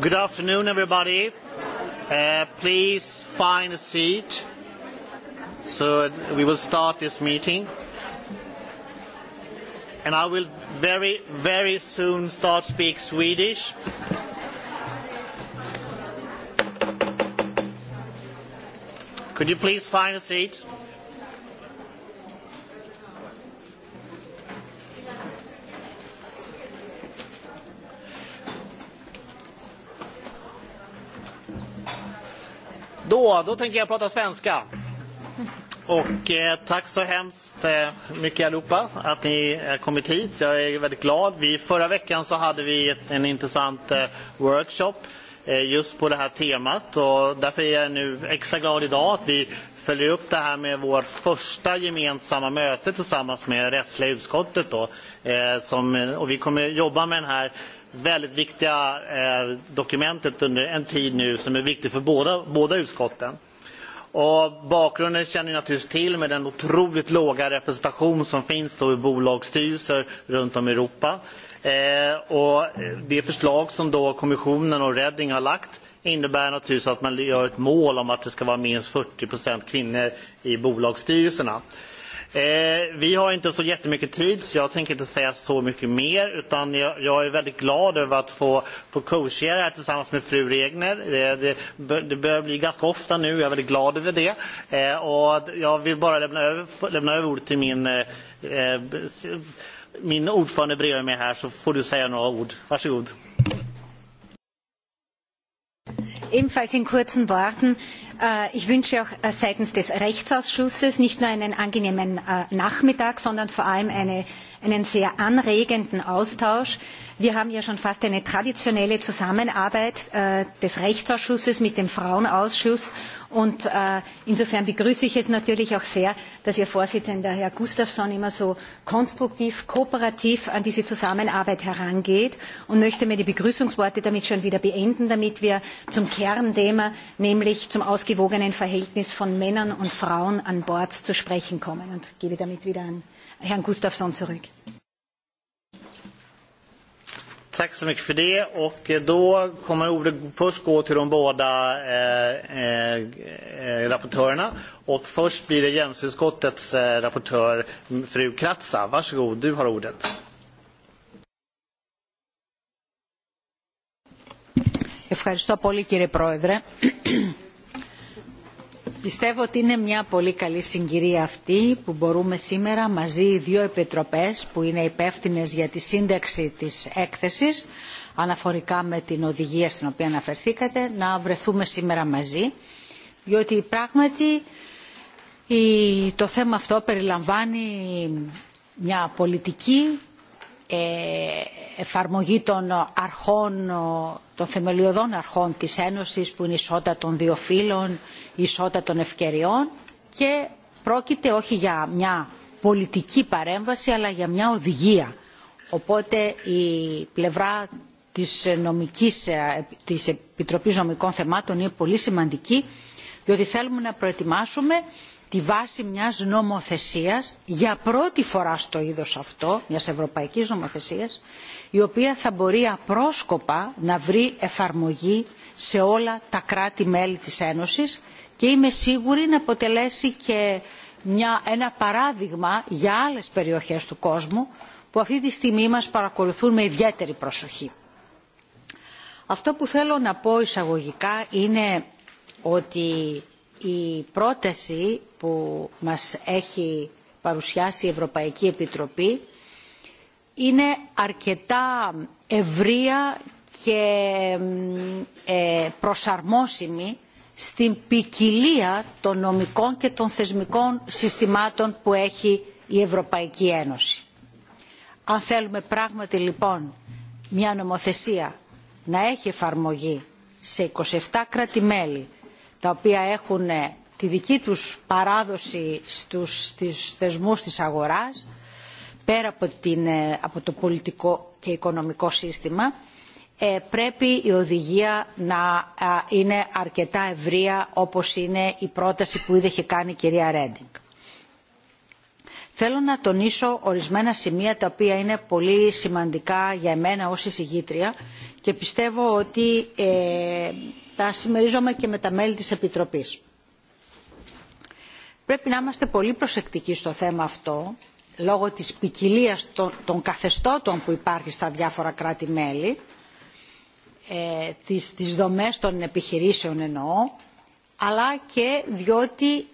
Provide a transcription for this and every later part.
Good afternoon, everybody. Uh, please find a seat. So we will start this meeting. And I will very, very soon start speak Swedish. Could you please find a seat? Då, då tänker jag prata svenska. Och eh, tack så hemskt eh, mycket allihopa att ni har eh, kommit hit. Jag är väldigt glad. Vi, förra veckan så hade vi ett, en intressant eh, workshop eh, just på det här temat. Och därför är jag nu extra glad idag att vi följer upp det här med vårt första gemensamma möte tillsammans med rättsliga utskottet. Då, eh, som, och vi kommer jobba med den här väldigt viktiga eh, dokumentet under en tid nu som är viktigt för båda, båda utskotten. Och bakgrunden känner ni naturligtvis till med den otroligt låga representation som finns då i bolagsstyrelser runt om i Europa. Eh, och det förslag som då kommissionen och Redding har lagt innebär naturligtvis att man gör ett mål om att det ska vara minst 40 kvinnor i bolagsstyrelserna. Eh, Eh, vi har inte så jättemycket tid så jag tänker inte säga så mycket mer utan jag, jag är väldigt glad över att få, få coachera här tillsammans med fru Regner. Det, det, det börjar bli ganska ofta nu, jag är väldigt glad över det. Eh, och jag vill bara lämna över, lämna över ordet till min, eh, eh min ordförande bredvid mig här så får du säga några ord. Varsågod. Ebenfalls in kurzen Worten. Äh, ich wünsche auch äh, seitens des Rechtsausschusses nicht nur einen angenehmen äh, Nachmittag, sondern vor allem eine einen sehr anregenden Austausch. Wir haben ja schon fast eine traditionelle Zusammenarbeit äh, des Rechtsausschusses mit dem Frauenausschuss. Und äh, insofern begrüße ich es natürlich auch sehr, dass Ihr Vorsitzender, Herr Gustafsson, immer so konstruktiv, kooperativ an diese Zusammenarbeit herangeht und möchte mir die Begrüßungsworte damit schon wieder beenden, damit wir zum Kernthema, nämlich zum ausgewogenen Verhältnis von Männern und Frauen an Bord zu sprechen kommen. Und gebe damit wieder an Herrn Gustafsson zurück. Tack så mycket för det. Och eh, då kommer ordet först gå till de båda eh, eh, rapportörerna. Och först blir det jämställdhetsutskottets eh, rapportör, fru Kratsa. Varsågod, du har ordet. Ευχαριστώ πολύ κύριε Πρόεδρε. Πιστεύω ότι είναι μια πολύ καλή συγκυρία αυτή που μπορούμε σήμερα μαζί οι δύο επιτροπές που είναι υπεύθυνε για τη σύνταξη της έκθεσης αναφορικά με την οδηγία στην οποία αναφερθήκατε να βρεθούμε σήμερα μαζί διότι πράγματι η, το θέμα αυτό περιλαμβάνει μια πολιτική ε, εφαρμογή των αρχών, των θεμελιωδών αρχών της Ένωσης που είναι η ισότητα των δύο φύλων, η ισότητα των ευκαιριών και πρόκειται όχι για μια πολιτική παρέμβαση αλλά για μια οδηγία. Οπότε η πλευρά της, νομικής, της Επιτροπής Νομικών Θεμάτων είναι πολύ σημαντική διότι θέλουμε να προετοιμάσουμε τη βάση μιας νομοθεσίας για πρώτη φορά στο είδος αυτό, μιας ευρωπαϊκής νομοθεσίας, η οποία θα μπορεί απρόσκοπα να βρει εφαρμογή σε όλα τα κράτη-μέλη της Ένωσης και είμαι σίγουρη να αποτελέσει και μια, ένα παράδειγμα για άλλες περιοχές του κόσμου που αυτή τη στιγμή μας παρακολουθούν με ιδιαίτερη προσοχή. Αυτό που θέλω να πω εισαγωγικά είναι ότι η πρόταση που μας έχει παρουσιάσει η Ευρωπαϊκή Επιτροπή είναι αρκετά ευρεία και ε, προσαρμόσιμη στην ποικιλία των νομικών και των θεσμικών συστημάτων που έχει η Ευρωπαϊκή Ένωση. Αν θέλουμε πράγματι λοιπόν μια νομοθεσία να έχει εφαρμογή σε 27 κράτη-μέλη τα οποία έχουν τη δική τους παράδοση στους, στους θεσμούς της αγοράς πέρα από, την, από το πολιτικό και οικονομικό σύστημα πρέπει η οδηγία να είναι αρκετά ευρεία όπως είναι η πρόταση που ήδη έχει κάνει η κυρία Ρέντινγκ. Θέλω να τονίσω ορισμένα σημεία τα οποία είναι πολύ σημαντικά για εμένα ως εισηγήτρια και πιστεύω ότι ε, τα συμμερίζομαι και με τα μέλη της Επιτροπής. Πρέπει να είμαστε πολύ προσεκτικοί στο θέμα αυτό λόγω της ποικιλία των, των καθεστώτων που υπάρχει στα διάφορα κράτη-μέλη, ε, τις, τις δομές των επιχειρήσεων εννοώ, αλλά και διότι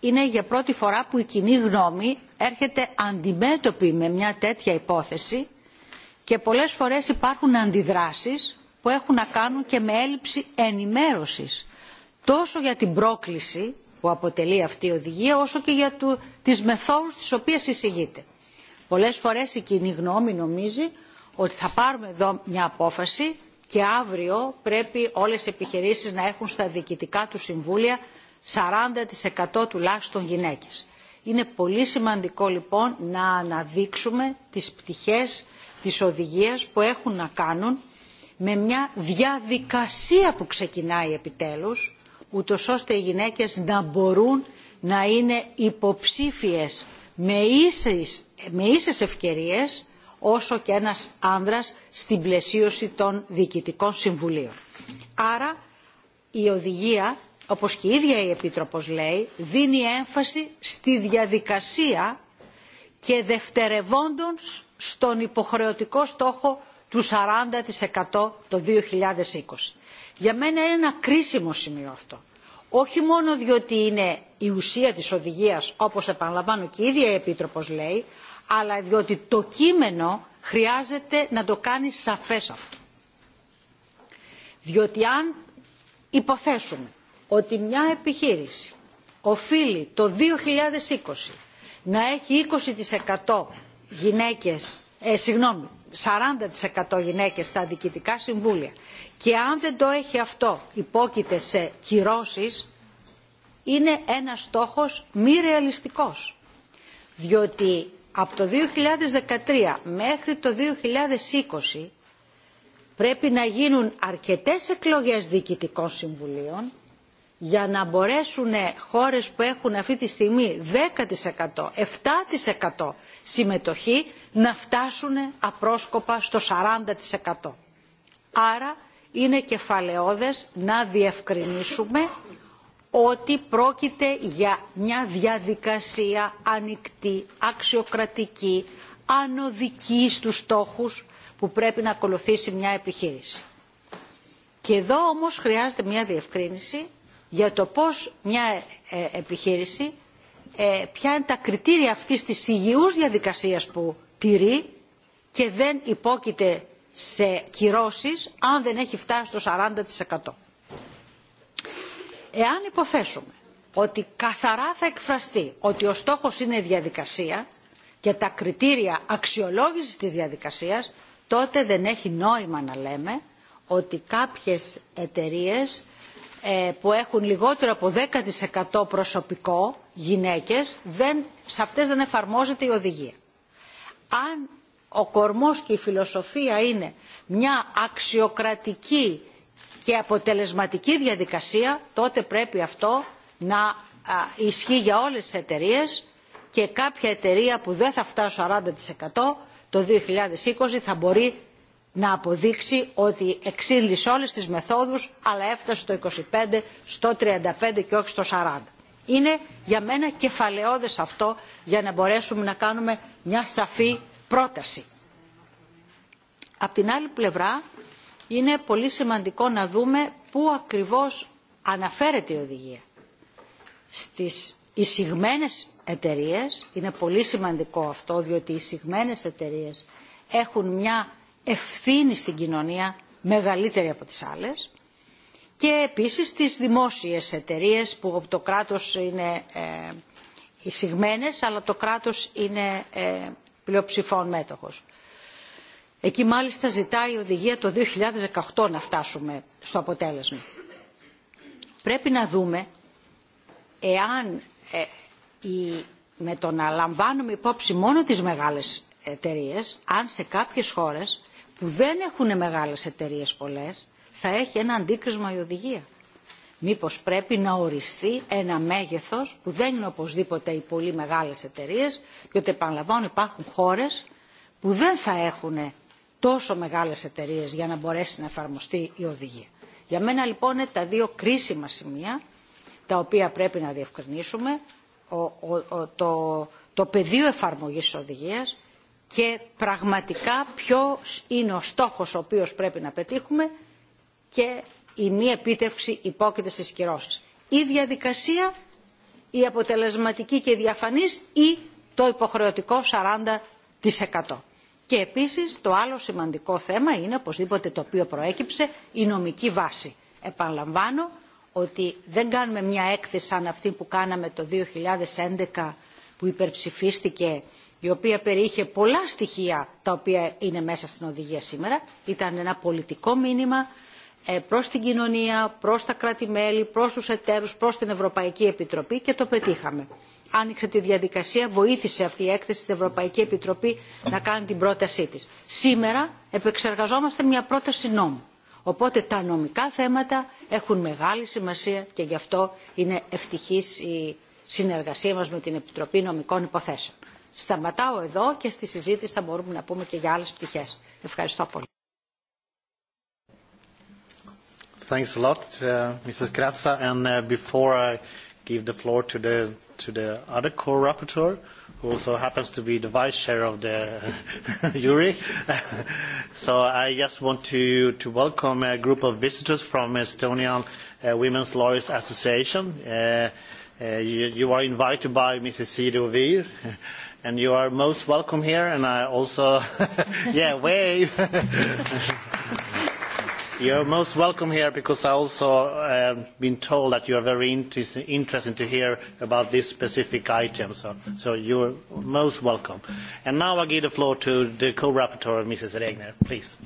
είναι για πρώτη φορά που η κοινή γνώμη έρχεται αντιμέτωπη με μια τέτοια υπόθεση και πολλές φορές υπάρχουν αντιδράσεις που έχουν να κάνουν και με έλλειψη ενημέρωσης τόσο για την πρόκληση που αποτελεί αυτή η οδηγία, όσο και για του, τις μεθόδους τις οποίες εισηγείται. Πολλές φορές η κοινή γνώμη νομίζει ότι θα πάρουμε εδώ μια απόφαση και αύριο πρέπει όλες οι επιχειρήσεις να έχουν στα διοικητικά του συμβούλια 40% τουλάχιστον γυναίκες. Είναι πολύ σημαντικό λοιπόν να αναδείξουμε τις πτυχές της οδηγίας που έχουν να κάνουν με μια διαδικασία που ξεκινάει επιτέλους ούτως ώστε οι γυναίκες να μπορούν να είναι υποψήφιες με ίσες, με ίσες ευκαιρίες όσο και ένας άνδρας στην πλαισίωση των διοικητικών συμβουλίων. Άρα η οδηγία, όπως και η ίδια η Επίτροπος λέει, δίνει έμφαση στη διαδικασία και δευτερευόντων στον υποχρεωτικό στόχο του 40% το 2020. Για μένα είναι ένα κρίσιμο σημείο αυτό. Όχι μόνο διότι είναι η ουσία της οδηγίας, όπως επαναλαμβάνω και η ίδια η Επίτροπος λέει, αλλά διότι το κείμενο χρειάζεται να το κάνει σαφές αυτό. Διότι αν υποθέσουμε ότι μια επιχείρηση οφείλει το 2020 να έχει 20% γυναίκες, ε, συγγνώμη, 40% γυναίκες στα διοικητικά συμβούλια. Και αν δεν το έχει αυτό υπόκειται σε κυρώσεις, είναι ένας στόχος μη ρεαλιστικός. Διότι από το 2013 μέχρι το 2020 πρέπει να γίνουν αρκετές εκλογές διοικητικών συμβουλίων για να μπορέσουν χώρες που έχουν αυτή τη στιγμή 10%, 7% συμμετοχή να φτάσουν απρόσκοπα στο 40%. Άρα είναι κεφαλαιόδες να διευκρινίσουμε ότι πρόκειται για μια διαδικασία ανοιχτή, αξιοκρατική, ανωδική στους στόχους που πρέπει να ακολουθήσει μια επιχείρηση. Και εδώ όμως χρειάζεται μια διευκρίνηση για το πώς μια επιχείρηση, ποια είναι τα κριτήρια αυτής της υγιούς διαδικασίας που τηρεί και δεν υπόκειται σε κυρώσεις αν δεν έχει φτάσει στο 40%. Εάν υποθέσουμε ότι καθαρά θα εκφραστεί ότι ο στόχος είναι η διαδικασία και τα κριτήρια αξιολόγησης της διαδικασίας, τότε δεν έχει νόημα να λέμε ότι κάποιες εταιρείες ε, που έχουν λιγότερο από 10% προσωπικό, γυναίκες, δεν, σε αυτές δεν εφαρμόζεται η οδηγία αν ο κορμός και η φιλοσοφία είναι μια αξιοκρατική και αποτελεσματική διαδικασία, τότε πρέπει αυτό να α, ισχύει για όλες τις εταιρείες και κάποια εταιρεία που δεν θα φτάσει 40% το 2020 θα μπορεί να αποδείξει ότι εξήλυσε όλες τις μεθόδους αλλά έφτασε στο 25, στο 35 και όχι στο 40. Είναι για μένα κεφαλαιόδες αυτό για να μπορέσουμε να κάνουμε μια σαφή πρόταση. Απ' την άλλη πλευρά είναι πολύ σημαντικό να δούμε πού ακριβώς αναφέρεται η οδηγία. Στις εισηγμένες εταιρείες, είναι πολύ σημαντικό αυτό διότι οι εισηγμένες εταιρείες έχουν μια ευθύνη στην κοινωνία μεγαλύτερη από τις άλλες και επίσης τις δημόσιες εταιρείες που το κράτος είναι ε, εισηγμένες αλλά το κράτος είναι ε, πλειοψηφών μέτοχος. Εκεί μάλιστα ζητάει η οδηγία το 2018 να φτάσουμε στο αποτέλεσμα. Πρέπει να δούμε εάν ε, η, με το να λαμβάνουμε υπόψη μόνο τις μεγάλες εταιρείες, αν σε κάποιες χώρες που δεν έχουν μεγάλες εταιρείες πολλές, θα έχει ένα αντίκρισμα η οδηγία. Μήπως πρέπει να οριστεί ένα μέγεθος που δεν είναι οπωσδήποτε οι πολύ μεγάλες εταιρείες, διότι επαναλαμβάνω υπάρχουν χώρες που δεν θα έχουν τόσο μεγάλες εταιρείες για να μπορέσει να εφαρμοστεί η οδηγία. Για μένα λοιπόν είναι τα δύο κρίσιμα σημεία τα οποία πρέπει να διευκρινίσουμε ο, ο, ο, το, το πεδίο εφαρμογής της οδηγίας και πραγματικά ποιος είναι ο στόχος ο οποίος πρέπει να πετύχουμε και η μη επίτευξη υπόκειται στις κυρώσεις. Η διαδικασία, η αποτελεσματική και διαφανής ή το υποχρεωτικό 40%. Και επίσης το άλλο σημαντικό θέμα είναι οπωσδήποτε το οποίο προέκυψε η νομική βάση. Επαναλαμβάνω ότι δεν κάνουμε μια έκθεση σαν αυτή που κάναμε το 2011 που υπερψηφίστηκε η οποία περιείχε πολλά στοιχεία τα οποία είναι μέσα στην οδηγία σήμερα. Ήταν ένα πολιτικό μήνυμα προς την κοινωνία, προς τα κράτη-μέλη, προς τους εταίρους, προς την Ευρωπαϊκή Επιτροπή και το πετύχαμε. Άνοιξε τη διαδικασία, βοήθησε αυτή η έκθεση στην Ευρωπαϊκή Επιτροπή να κάνει την πρότασή της. Σήμερα επεξεργαζόμαστε μια πρόταση νόμου. Οπότε τα νομικά θέματα έχουν μεγάλη σημασία και γι' αυτό είναι ευτυχής η συνεργασία μας με την Επιτροπή Νομικών Υποθέσεων. Σταματάω εδώ και στη συζήτηση θα μπορούμε να πούμε και για άλλες πτυχές. Ευχαριστώ πολύ. thanks a lot, uh, Mrs. Grazza. And uh, before I give the floor to the to the other co-rapporteur, who also happens to be the vice chair of the jury, so I just want to to welcome a group of visitors from Estonian uh, Women's Lawyers Association. Uh, uh, you, are invited by Mrs. Sidovir. and you are most welcome here, and I also, yeah, wave. You are most welcome here because I also uh, been told that you are very interest, interested to hear about this specific item. So, so are most welcome. And now I give the floor to the co-rapporteur, Mrs. Regner. Please.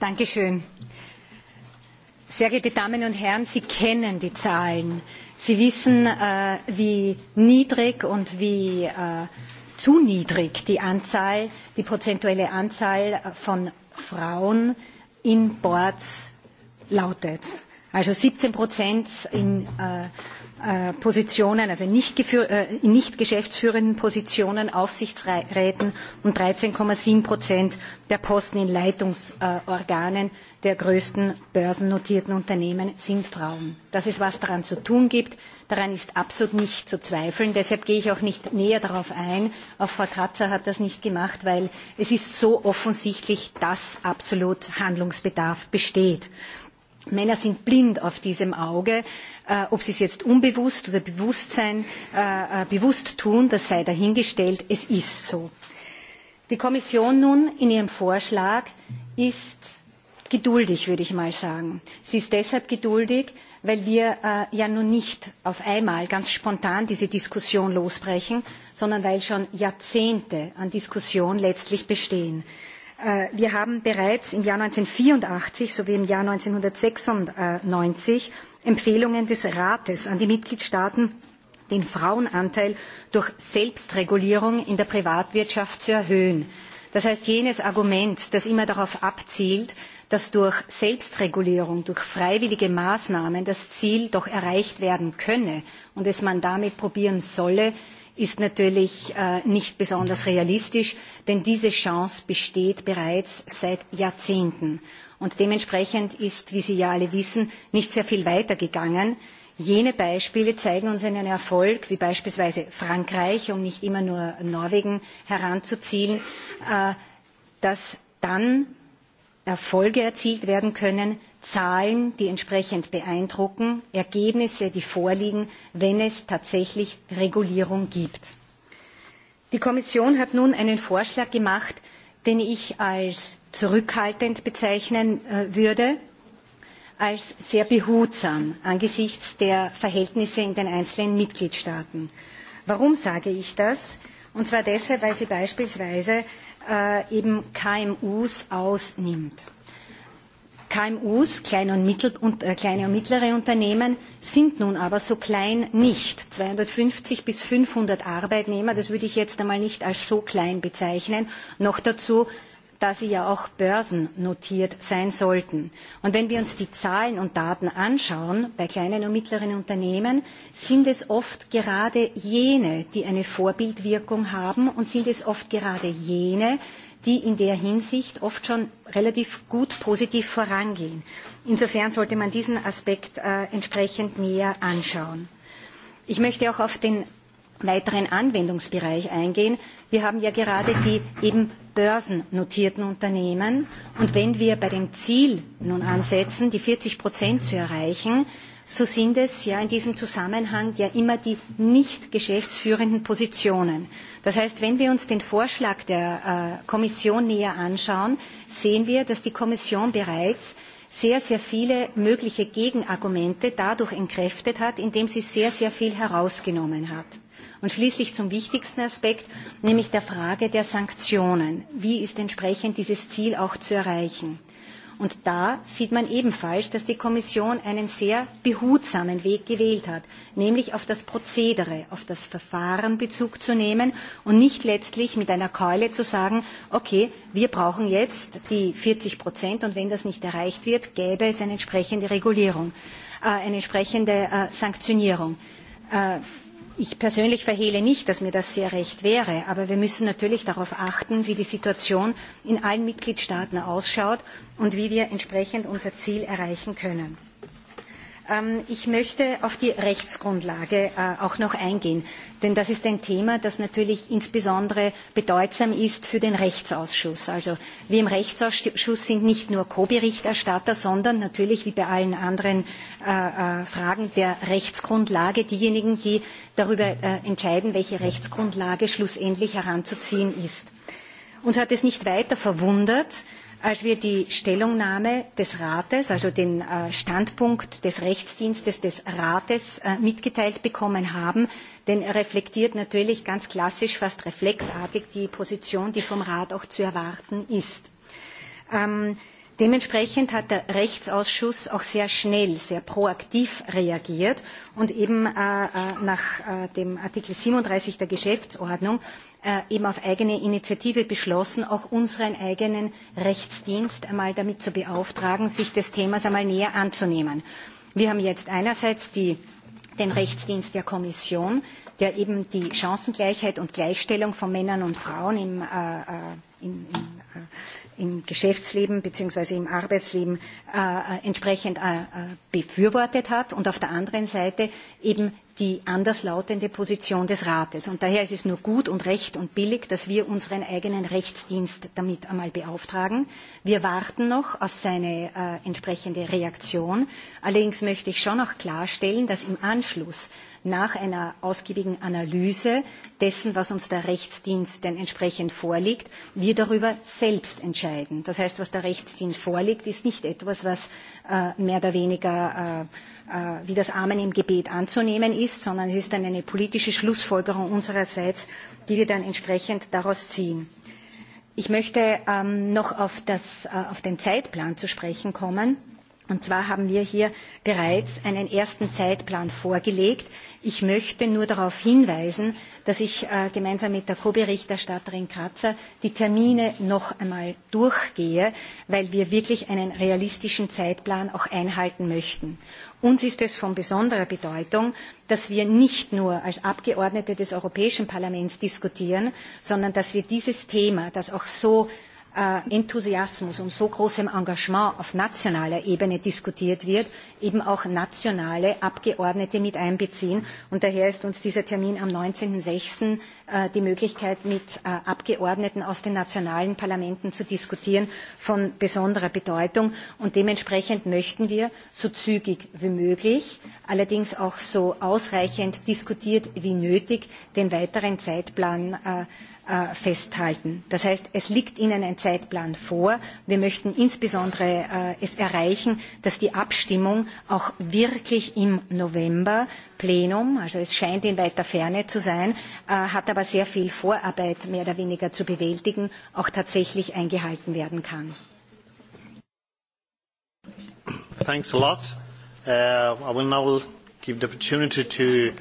Dankeschön. Sehr geehrte Damen und Herren, Sie kennen die Zahlen. Sie wissen, äh, wie niedrig und wie äh, zu niedrig die Anzahl, die prozentuelle Anzahl von Frauen in Boards lautet. Also 17 Prozent in äh, äh, Positionen, also nicht äh, in nicht geschäftsführenden Positionen, Aufsichtsräten und 13,7 Prozent der Posten in Leitungsorganen der größten börsennotierten Unternehmen sind Frauen. Das ist, was daran zu tun gibt. Daran ist absolut nicht zu zweifeln. Deshalb gehe ich auch nicht näher darauf ein. Auch Frau Kratzer hat das nicht gemacht, weil es ist so offensichtlich, dass absolut Handlungsbedarf besteht. Männer sind blind auf diesem Auge, äh, ob sie es jetzt unbewusst oder bewusst, äh, äh, bewusst tun, das sei dahingestellt, es ist so. Die Kommission nun in ihrem Vorschlag ist geduldig, würde ich mal sagen. Sie ist deshalb geduldig, weil wir äh, ja nun nicht auf einmal ganz spontan diese Diskussion losbrechen, sondern weil schon Jahrzehnte an Diskussion letztlich bestehen. Äh, wir haben bereits im Jahr 1984 sowie im Jahr 1996 Empfehlungen des Rates an die Mitgliedstaaten den Frauenanteil durch Selbstregulierung in der Privatwirtschaft zu erhöhen. Das heißt, jenes Argument, das immer darauf abzielt, dass durch Selbstregulierung, durch freiwillige Maßnahmen das Ziel doch erreicht werden könne und es man damit probieren solle, ist natürlich äh, nicht besonders realistisch, denn diese Chance besteht bereits seit Jahrzehnten. Und dementsprechend ist, wie Sie ja alle wissen, nicht sehr viel weitergegangen. Jene Beispiele zeigen uns einen Erfolg, wie beispielsweise Frankreich, um nicht immer nur Norwegen heranzuzielen, äh, dass dann Erfolge erzielt werden können, Zahlen, die entsprechend beeindrucken, Ergebnisse, die vorliegen, wenn es tatsächlich Regulierung gibt. Die Kommission hat nun einen Vorschlag gemacht, den ich als zurückhaltend bezeichnen äh, würde, als sehr behutsam angesichts der Verhältnisse in den einzelnen Mitgliedstaaten. Warum sage ich das? Und zwar deshalb, weil sie beispielsweise äh, eben KMUs ausnimmt. KMUs, kleine und, mittel, und, äh, kleine und mittlere Unternehmen, sind nun aber so klein nicht. 250 bis 500 Arbeitnehmer, das würde ich jetzt einmal nicht als so klein bezeichnen. Noch dazu da sie ja auch börsennotiert sein sollten. Und wenn wir uns die Zahlen und Daten anschauen bei kleinen und mittleren Unternehmen, sind es oft gerade jene, die eine Vorbildwirkung haben und sind es oft gerade jene, die in der Hinsicht oft schon relativ gut positiv vorangehen. Insofern sollte man diesen Aspekt äh, entsprechend näher anschauen. Ich möchte auch auf den weiteren Anwendungsbereich eingehen. Wir haben ja gerade die eben börsennotierten Unternehmen. Und wenn wir bei dem Ziel nun ansetzen, die 40 Prozent zu erreichen, so sind es ja in diesem Zusammenhang ja immer die nicht geschäftsführenden Positionen. Das heißt, wenn wir uns den Vorschlag der äh, Kommission näher anschauen, sehen wir, dass die Kommission bereits sehr, sehr viele mögliche Gegenargumente dadurch entkräftet hat, indem sie sehr, sehr viel herausgenommen hat. Und schließlich zum wichtigsten Aspekt, nämlich der Frage der Sanktionen. Wie ist entsprechend dieses Ziel auch zu erreichen? Und da sieht man ebenfalls, dass die Kommission einen sehr behutsamen Weg gewählt hat, nämlich auf das Prozedere, auf das Verfahren Bezug zu nehmen und nicht letztlich mit einer Keule zu sagen, okay, wir brauchen jetzt die 40 Prozent und wenn das nicht erreicht wird, gäbe es eine entsprechende Regulierung, äh, eine entsprechende äh, Sanktionierung. Äh, Ich persönlich verhehle nicht, dass mir das sehr recht wäre, aber wir müssen natürlich darauf achten, wie die Situation in allen Mitgliedstaaten ausschaut und wie wir entsprechend unser Ziel erreichen können. Ähm, ich möchte auf die Rechtsgrundlage äh, auch noch eingehen, denn das ist ein Thema, das natürlich insbesondere bedeutsam ist für den Rechtsausschuss. Also wir im Rechtsausschuss sind nicht nur Co-Berichterstatter, sondern natürlich wie bei allen anderen äh, äh, Fragen der Rechtsgrundlage diejenigen, die darüber entscheiden, welche Rechtsgrundlage schlussendlich heranzuziehen ist. Uns hat es nicht weiter verwundert, als wir die Stellungnahme des Rates, also den äh, Standpunkt des Rechtsdienstes des Rates äh, mitgeteilt bekommen haben, denn er reflektiert natürlich ganz klassisch, fast reflexartig die Position, die vom Rat auch zu erwarten ist. Ähm, dementsprechend hat der Rechtsausschuss auch sehr schnell, sehr proaktiv reagiert und eben äh, nach dem Artikel 37 der Geschäftsordnung Äh, eben auf eigene Initiative beschlossen, auch unseren eigenen Rechtsdienst einmal damit zu beauftragen, sich des Themas einmal näher anzunehmen. Wir haben jetzt einerseits die, den Rechtsdienst der Kommission, der eben die Chancengleichheit und Gleichstellung von Männern und Frauen im, äh, äh in, in, äh, im Geschäftsleben bzw. im Arbeitsleben äh, entsprechend äh, befürwortet hat und auf der anderen Seite eben die anderslautende Position des Rates. Und daher ist es nur gut und recht und billig, dass wir unseren eigenen Rechtsdienst damit einmal beauftragen. Wir warten noch auf seine äh, entsprechende Reaktion. Allerdings möchte ich schon noch klarstellen, dass im Anschluss nach einer ausgiebigen Analyse dessen, was uns der Rechtsdienst denn entsprechend vorlegt, wir darüber selbst entscheiden. Das heißt, was der Rechtsdienst vorlegt, ist nicht etwas, was äh, mehr oder weniger äh, Äh, wie das Amen im Gebet anzunehmen ist, sondern es ist dann eine politische Schlussfolgerung unsererseits, die wir dann entsprechend daraus ziehen. Ich möchte ähm, noch auf, das, äh, auf den Zeitplan zu sprechen kommen Und zwar haben wir hier bereits einen ersten Zeitplan vorgelegt. Ich möchte nur darauf hinweisen, dass ich äh, gemeinsam mit der Co-Berichterstatterin Kratzer die Termine noch einmal durchgehe, weil wir wirklich einen realistischen Zeitplan auch einhalten möchten. Uns ist es von besonderer Bedeutung, dass wir nicht nur als Abgeordnete des Europäischen Parlaments diskutieren, sondern dass wir dieses Thema, das auch so Äh, Enthusiasmus und so großem Engagement auf nationaler Ebene diskutiert wird, eben auch nationale Abgeordnete mit einbeziehen. Und daher ist uns dieser Termin am 19.06. Äh, die Möglichkeit, mit äh, Abgeordneten aus den nationalen Parlamenten zu diskutieren, von besonderer Bedeutung. Und dementsprechend möchten wir so zügig wie möglich, allerdings auch so ausreichend diskutiert wie nötig, den weiteren Zeitplan Äh, festhalten. Das heißt, es liegt Ihnen ein Zeitplan vor. Wir möchten insbesondere äh, es erreichen, dass die Abstimmung auch wirklich im November Plenum, also es scheint in weiter Ferne zu sein, äh, hat aber sehr viel Vorarbeit mehr oder weniger zu bewältigen, auch tatsächlich eingehalten werden kann. Thanks a lot. Uh, I will now give the opportunity to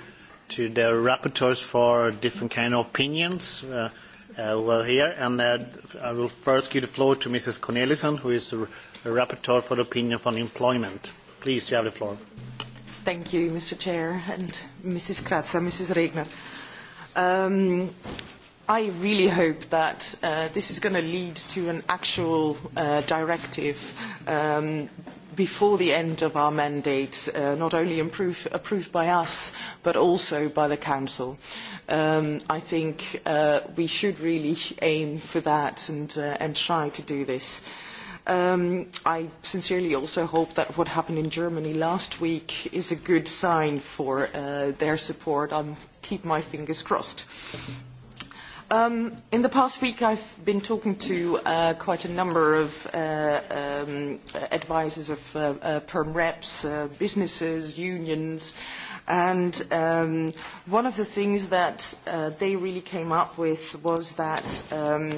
to the rapporteurs for different kind of opinions uh, uh, well here. And uh, I will first give the floor to Mrs. Cornelissen, who is the rapporteur for the opinion on employment. Please, you have the floor. Thank you, Mr. Chair, and Mrs. Kratza, Mrs. Regner. Um, I really hope that uh, this is going to lead to an actual uh, directive um, before the end of our mandate, uh, not only improve, approved by us, but also by the Council. Um, I think uh, we should really aim for that and, uh, and try to do this. Um, I sincerely also hope that what happened in Germany last week is a good sign for uh, their support. I'll keep my fingers crossed. Um, in the past week, I've been talking to uh, quite a number of uh, um, advisors of uh, uh, perm reps, uh, businesses, unions, and um, one of the things that uh, they really came up with was that um,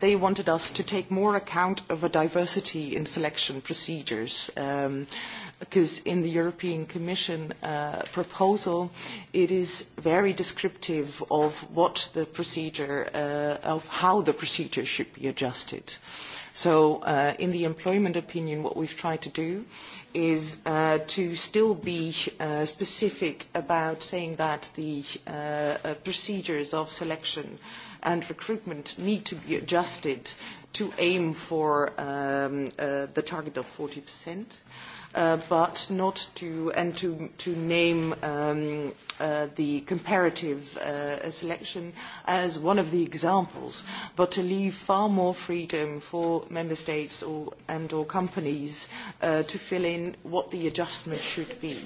they wanted us to take more account of a diversity in selection procedures. Um, because in the European Commission uh, proposal, it is very descriptive of what the procedure, uh, of how the procedure should be adjusted. So uh, in the employment opinion, what we've tried to do is uh, to still be uh, specific about saying that the uh, uh procedures of selection and recruitment need to be adjusted to aim for um, uh, the target of 40 percent. Uh, but not to, and to, to name um, uh, the comparative uh, selection as one of the examples, but to leave far more freedom for member states or, and or companies uh, to fill in what the adjustment should be.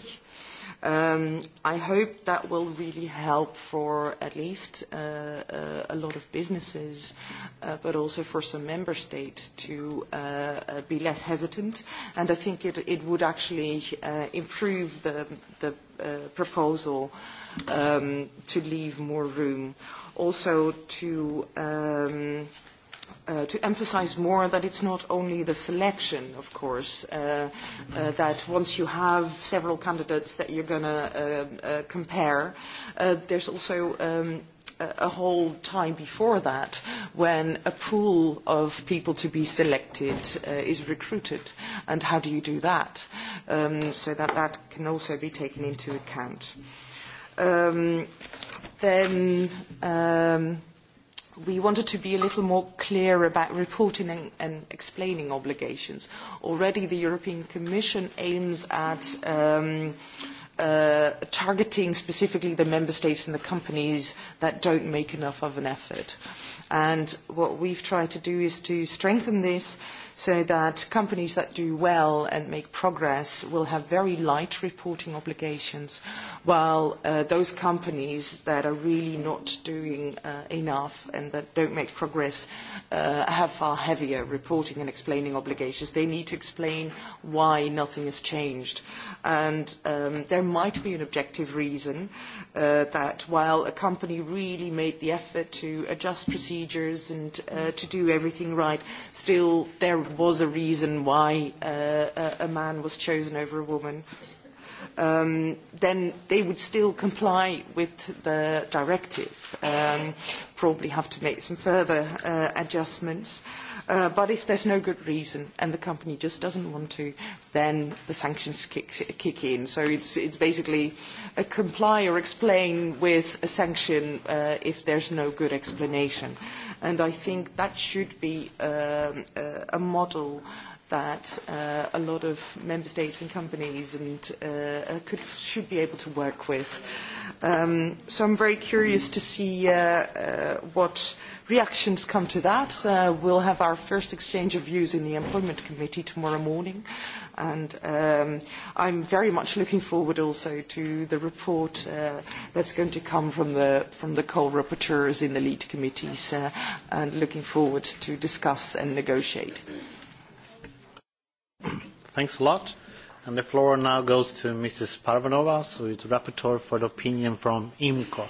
Um, I hope that will really help for at least uh, uh, a lot of businesses, uh, but also for some member states to uh, uh, be less hesitant. And I think it, it would actually uh, improve the, the uh, proposal um, to leave more room. Also to um, Uh, to emphasize more that it's not only the selection, of course, uh, uh, that once you have several candidates that you're going to uh, uh, compare, uh, there's also um, a whole time before that when a pool of people to be selected uh, is recruited and how do you do that um, so that that can also be taken into account um, then um, we wanted to be a little more clear about reporting and, and explaining obligations. Already the European Commission aims at um, uh, targeting specifically the member states and the companies that don't make enough of an effort. And what we've tried to do is to strengthen this so that companies that do well and make progress will have very light reporting obligations, while uh, those companies that are really not doing uh, enough and that don't make progress uh, have far heavier reporting and explaining obligations. They need to explain why nothing has changed. And um, there might be an objective reason uh, that while a company really made the effort to adjust procedures and uh, to do everything right, still their was a reason why uh, a man was chosen over a woman, um, then they would still comply with the directive, um, probably have to make some further uh, adjustments. Uh, but if there's no good reason and the company just doesn't want to, then the sanctions kick, kick in. So it's, it's basically a uh, comply or explain with a sanction uh, if there's no good explanation. Uh, And I think that should be um, uh, a model uh, that uh, a lot of member states and companies and, uh, uh, could, should be able to work with. Um, so I'm very curious to see uh, uh, what reactions come to that. Uh, we'll have our first exchange of views in the Employment Committee tomorrow morning. And um, I'm very much looking forward also to the report uh, that's going to come from the, from the co-rapporteurs in the lead committees uh, and looking forward to discuss and negotiate. Thanks a lot. And the floor now goes to Mrs. Parvanova, so it's rapporteur for the opinion from IMCO.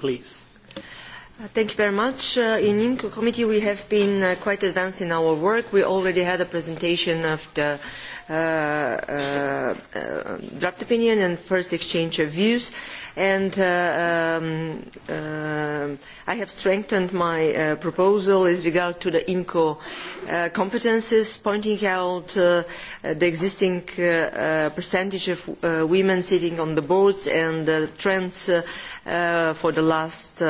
Please. Uh, thank you very much. Uh, in IMCO committee, we have been uh, quite advanced in our work. We already had a presentation of the Uh, uh, draft opinion and first exchange of views. And uh, um, I have strengthened my proposal as regard to the IMCO competences, pointing out the existing percentage of women sitting on the boards and the trends for the last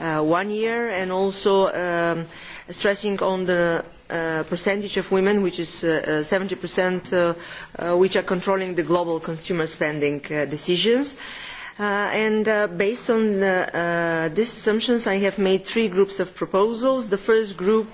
one year, and also um, stressing on the Uh, percentage of women, which is uh, uh, 70%, uh, uh, which are controlling the global consumer spending decisions. and based on these assumptions, I have made three groups of proposals. The first group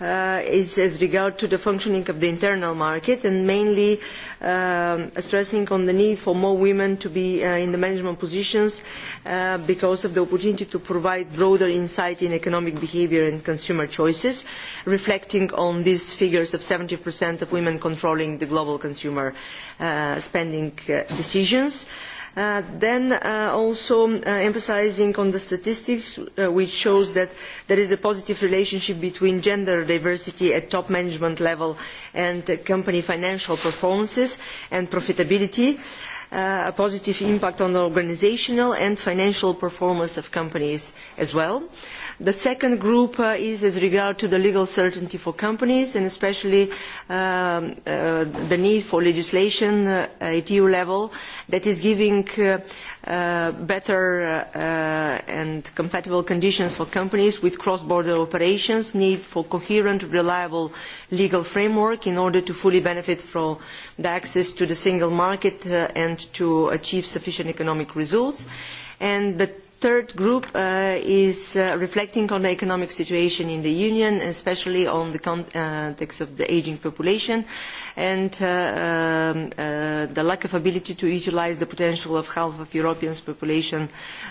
Uh, is as regard to the functioning of the internal market and mainly uh, stressing on the need for more women to be uh, in the management positions uh, because of the opportunity to provide broader insight in economic behavior and consumer choices, reflecting on these figures of 70% of women controlling the global consumer uh, spending uh, decisions. Uh, Uh, then uh, also uh, emphasising on the statistics which shows that there is a positive relationship between gender diversity at top management level and company financial performances and profitability. a positive impact on the organisational and financial performance of companies as well. The second group uh, is as regard to the legal certainty for companies and especially um, uh, the need for legislation uh, at EU level that is giving uh, uh, better uh, and compatible conditions for companies with cross-border operations, need for coherent, reliable legal framework in order to fully benefit from the access to the single market uh, and to achieve sufficient economic results. And the third group uh, is uh, reflecting on the economic situation in the Union, especially on the uh, context of the aging population and uh, um, uh, the lack of ability to utilise the potential of half of Europeans' population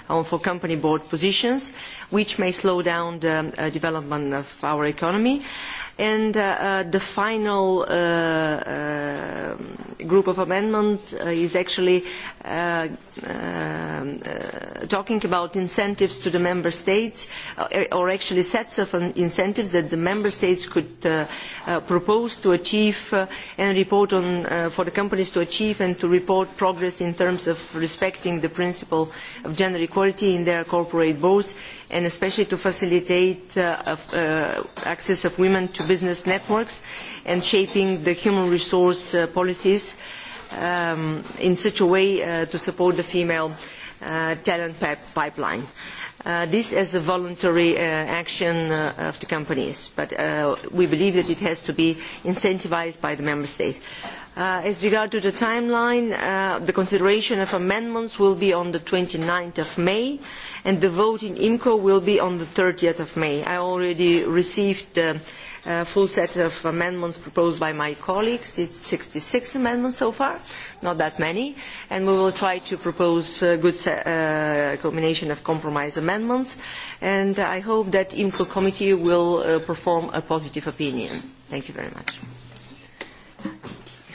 um, for company board positions, which may slow down the uh, development of our economy. And uh, uh, the final uh, group of amendments is actually um, talking about incentives to the member states, or actually sets of incentives that the member states could propose to achieve and report on for the companies to achieve and to report progress in terms of respecting the principle of gender equality in their corporate boards and especially to facilitate uh, uh, access of women to business networks and shaping the human resource uh, policies um, in such a way uh, to support the female uh, talent pip pipeline. Uh, this is a voluntary uh, action uh, of the companies, but uh, we believe that it has to be incentivized by the member state. Uh, as regards the timeline, uh, the consideration of amendments will be on the 29th of May, and the vote in IMCO will be on the 30th of May. I already received the uh, full set of amendments proposed by my colleagues. It's 66 amendments so far, not that many, and we will try to propose a good uh, combination of compromise amendments, and I hope that IMCO committee will uh, perform a positive opinion. Thank you very much.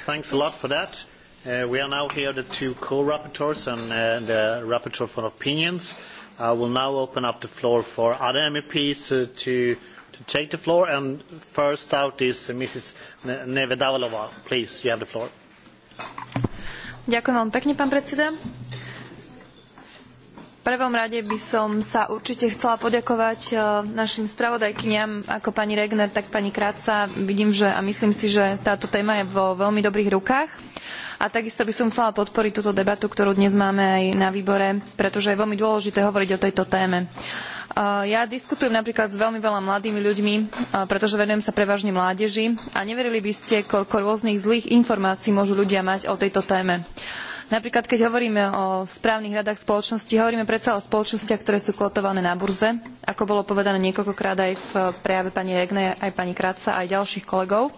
Thanks a lot for that. Uh, we are now here, the two co-rapporteurs and uh, the rapporteur for opinions. I will now open up the floor for other MEPs uh, to, to take the floor. And first out is Mrs. Nevedalová. Please, you have the floor. Ďakujem vám pekne, pán predseda prvom rade by som sa určite chcela poďakovať e, našim spravodajkyniam, ako pani Regner, tak pani Kráca. Vidím, že a myslím si, že táto téma je vo veľmi dobrých rukách. A takisto by som chcela podporiť túto debatu, ktorú dnes máme aj na výbore, pretože je veľmi dôležité hovoriť o tejto téme. E, ja diskutujem napríklad s veľmi veľa mladými ľuďmi, e, pretože venujem sa prevažne mládeži a neverili by ste, koľko rôznych zlých informácií môžu ľudia mať o tejto téme. Napríklad, keď hovoríme o správnych radách spoločnosti, hovoríme predsa o spoločnostiach, ktoré sú kotované na burze, ako bolo povedané niekoľkokrát aj v prejave pani Regne, aj pani Kráca, aj ďalších kolegov. Uh,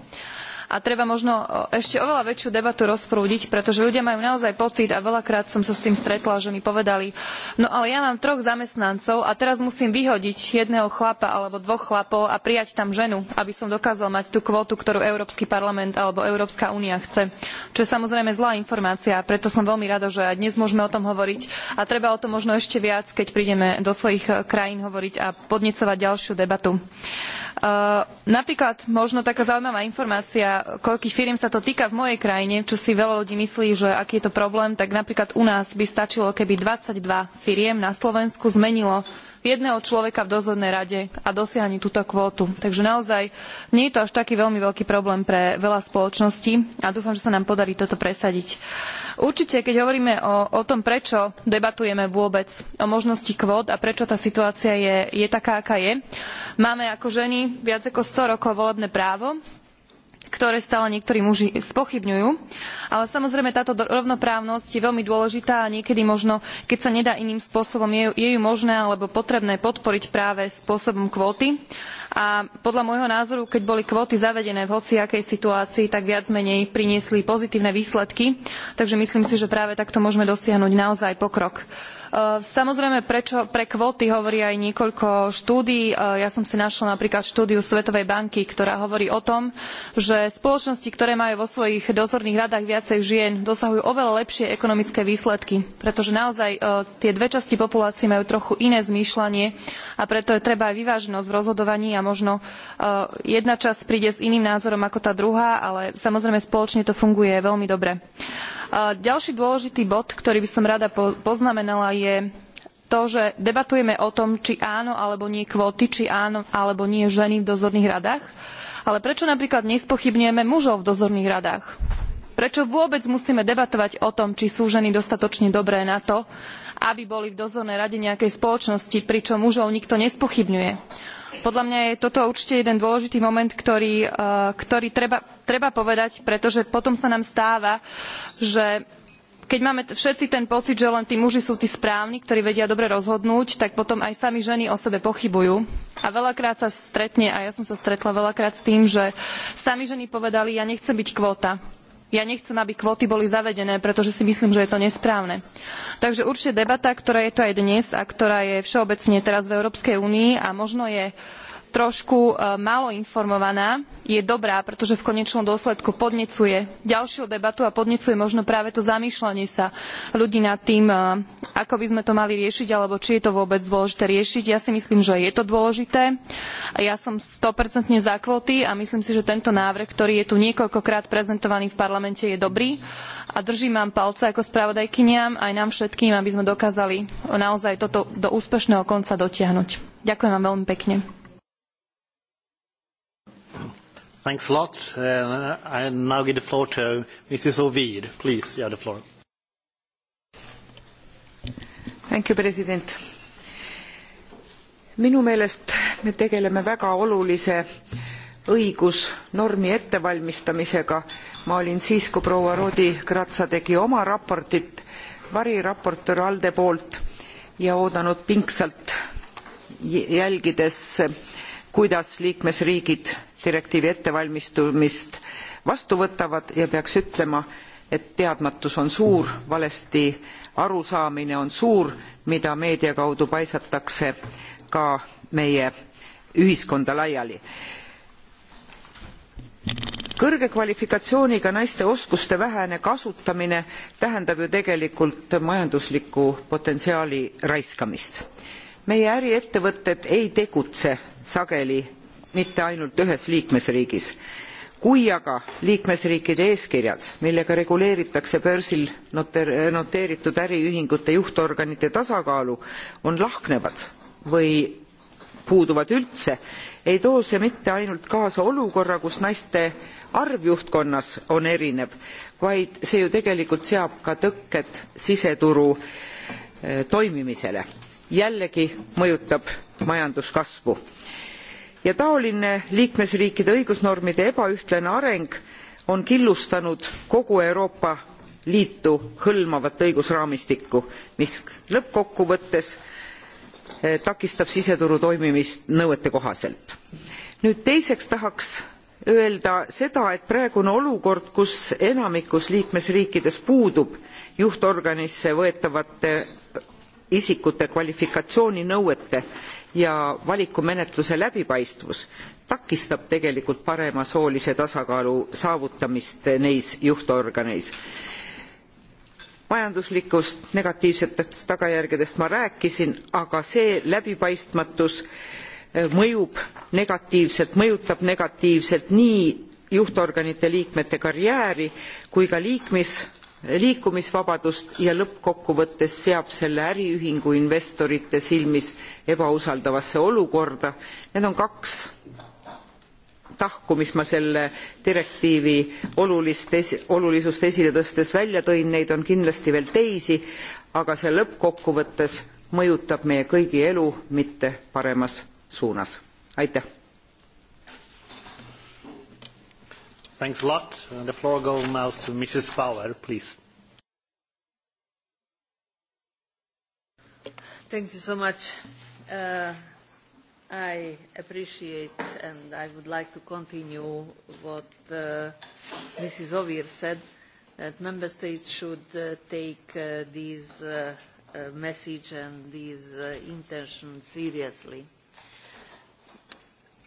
a treba možno ešte oveľa väčšiu debatu rozprúdiť, pretože ľudia majú naozaj pocit a veľakrát som sa s tým stretla, že mi povedali, no ale ja mám troch zamestnancov a teraz musím vyhodiť jedného chlapa alebo dvoch chlapov a prijať tam ženu, aby som dokázal mať tú kvótu, ktorú Európsky parlament alebo Európska únia chce. Čo je samozrejme zlá informácia a preto som veľmi rada, že aj dnes môžeme o tom hovoriť a treba o tom možno ešte viac, keď prídeme do svojich eh, krajín hovoriť a podnecovať ďalšiu debatu. Uh, Eh, napríklad možno taká zaujímavá informácia, koľkých firiem sa to týka v mojej krajine, čo si veľa ľudí myslí, že aký je to problém, tak napríklad u nás by stačilo, keby 22 firiem na Slovensku zmenilo jedného človeka v dozornej rade a dosiahni túto kvótu. Takže naozaj nie je to až taký veľmi veľký problém pre veľa spoločností a dúfam, že sa nám podarí toto presadiť. Určite, keď hovoríme o, o tom, prečo debatujeme vôbec o možnosti kvót a prečo tá situácia je, je taká, aká je, máme ako ženy viac ako 100 rokov volebné právo, ktoré stále niektorí muži spochybňujú. Ale samozrejme táto rovnoprávnosť je veľmi dôležitá a niekedy možno, keď sa nedá iným spôsobom, je, ju možné alebo potrebné podporiť práve spôsobom kvóty. A podľa môjho názoru, keď boli kvóty zavedené v hociakej situácii, tak viac menej priniesli pozitívne výsledky. Takže myslím si, že práve takto môžeme dosiahnuť naozaj pokrok. Eh, samozrejme, prečo, pre kvóty hovorí aj niekoľko štúdií. Eh, ja som si našla napríklad štúdiu Svetovej banky, ktorá hovorí o tom, že spoločnosti, ktoré majú vo svojich dozorných radách viacej žien, dosahujú oveľa lepšie ekonomické výsledky, pretože naozaj eh, tie dve časti populácie majú trochu iné zmýšľanie a preto je treba aj vyváženosť v rozhodovaní a možno jedna časť príde s iným názorom ako tá druhá, ale samozrejme spoločne to funguje veľmi dobre ďalší dôležitý bod ktorý by som rada poznamenala je to že debatujeme o tom či áno alebo nie kvóty či áno alebo nie ženy v dozorných radách ale prečo napríklad nespochybňujeme mužov v dozorných radách? prečo vôbec musíme debatovať o tom či sú ženy dostatočne dobré na to aby boli v dozornej rade nejakej spoločnosti pričom mužov nikto nespochybňuje? podľa mňa je toto určite jeden dôležitý moment, ktorý, e, ktorý treba, treba povedať, pretože potom sa nám stáva, že keď máme všetci ten pocit, že len tí muži sú tí správni, ktorí vedia dobre rozhodnúť, tak potom aj sami ženy o sebe pochybujú. A veľakrát sa stretne, a ja som sa stretla veľakrát s tým, že sami ženy povedali, ja nechcem byť kvóta ja nechcem, aby kvóty boli zavedené, pretože si myslím, že je to nesprávne. Takže určite debata, ktorá je tu aj dnes a ktorá je všeobecne teraz v Európskej únii a možno je uh, trošku eh, málo informovaná je dobrá pretože v konečnom dôsledku podnecuje ďalšiu debatu a podnecuje možno práve to zamýšľanie sa ľudí nad tým eh, ako by sme to mali riešiť alebo či je to vôbec dôležité riešiť. ja si myslím že je to dôležité a ja som stopercentne za kvóty a myslím si že tento návrh ktorý je tu niekoľkokrát prezentovaný v parlamente je dobrý a držím vám palce ako spravodajkyniam aj nám všetkým aby sme dokázali naozaj toto do úspešného konca dotiahnuť. ďakujem vám veľmi pekne. Thanks a lot. I now give the floor to Mrs. Ovid. Please, you have the floor. Thank you, President. minu meelest me tegeleme väga olulise õigusnormi ettevalmistamisega. ma olin siis, kui proua Rodi Kratsa tegi oma raportit variraportöör ALDE poolt ja oodanud pingsalt jälgides, kuidas liikmesriigid direktiivi ettevalmistamist vastu võtavad ja peaks ütlema et teadmatus on suur valesti arusaamine on suur mida meedia kaudu paisatakse ka meie ühiskonda laiali kõrge kvalifikatsiooniga naiste oskuste vähene kasutamine tähendab ju tegelikult majandusliku potentsiaali raiskamist. meie äriettevõtted ei tegutse sageli mitte ainult ühes liikmesriigis. kui aga liikmesriikide eeskirjad millega reguleeritakse börsil noteeritud äriühingute juhtorganite tasakaalu on lahknevad või puuduvad üldse ei too see mitte ainult kaasa olukorra kus naiste arv juhtkonnas on erinev vaid see ju tegelikult seab ka tõkked siseturu eh, toimimisele jällegi mõjutab majanduskasvu ja taoline liikmesriikide õigusnormide ebaühtlane areng on killustanud kogu euroopa liitu hõlmavat õigusraamistikku mis lõppkokkuvõttes eh, takistab siseturu toimimist nõuetekohaselt. nüüd teiseks tahaks öelda seda et praegune olukord kus enamikus liikmesriikides puudub juhtorganisse võetavate isikute kvalifikatsiooninõuete ja valikumenetluse läbipaistvus takistab tegelikult parema soolise tasakaalu saavutamist neis juhtorganeis. majanduslikest negatiivsetest tagajärgedest ma rääkisin aga see läbipaistmatus eh, mõjub negatiivselt mõjutab negatiivselt nii juhtorganite liikmete karjääri kui ka liikmes liikumisvabadust ja lõppkokkuvõttes seab selle äriühingu investorite silmis ebausaldavasse olukorda. need on kaks tahku mis ma selle direktiivi olulisust esile tõstes välja tõin neid on kindlasti veel teisi aga see lõppkokkuvõttes mõjutab meie kõigi elu mitte paremas suunas. aitäh! Thanks a lot. Uh, the floor goes now to Mrs. Bauer, please. Thank you so much. Uh, I appreciate and I would like to continue what uh, Mrs. Ovir said, that member states should uh, take this message and these uh, intentions seriously.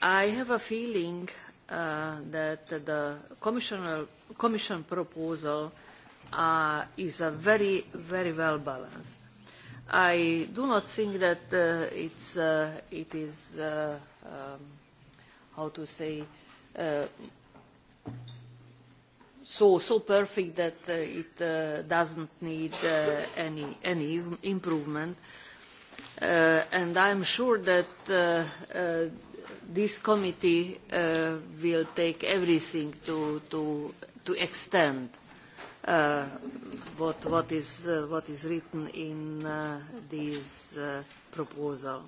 I have a feeling uh, that the commission, proposal uh, is a very, very well balanced. I do not think that uh, it's, uh, it is, uh, um, how to say, uh, so, so perfect that uh, it uh, doesn't need uh, any, any improvement. Uh, and I'm sure that uh, uh, this committee uh, will take everything to, to, to extend uh, what, what, is, uh, what is written in uh, this uh, proposal.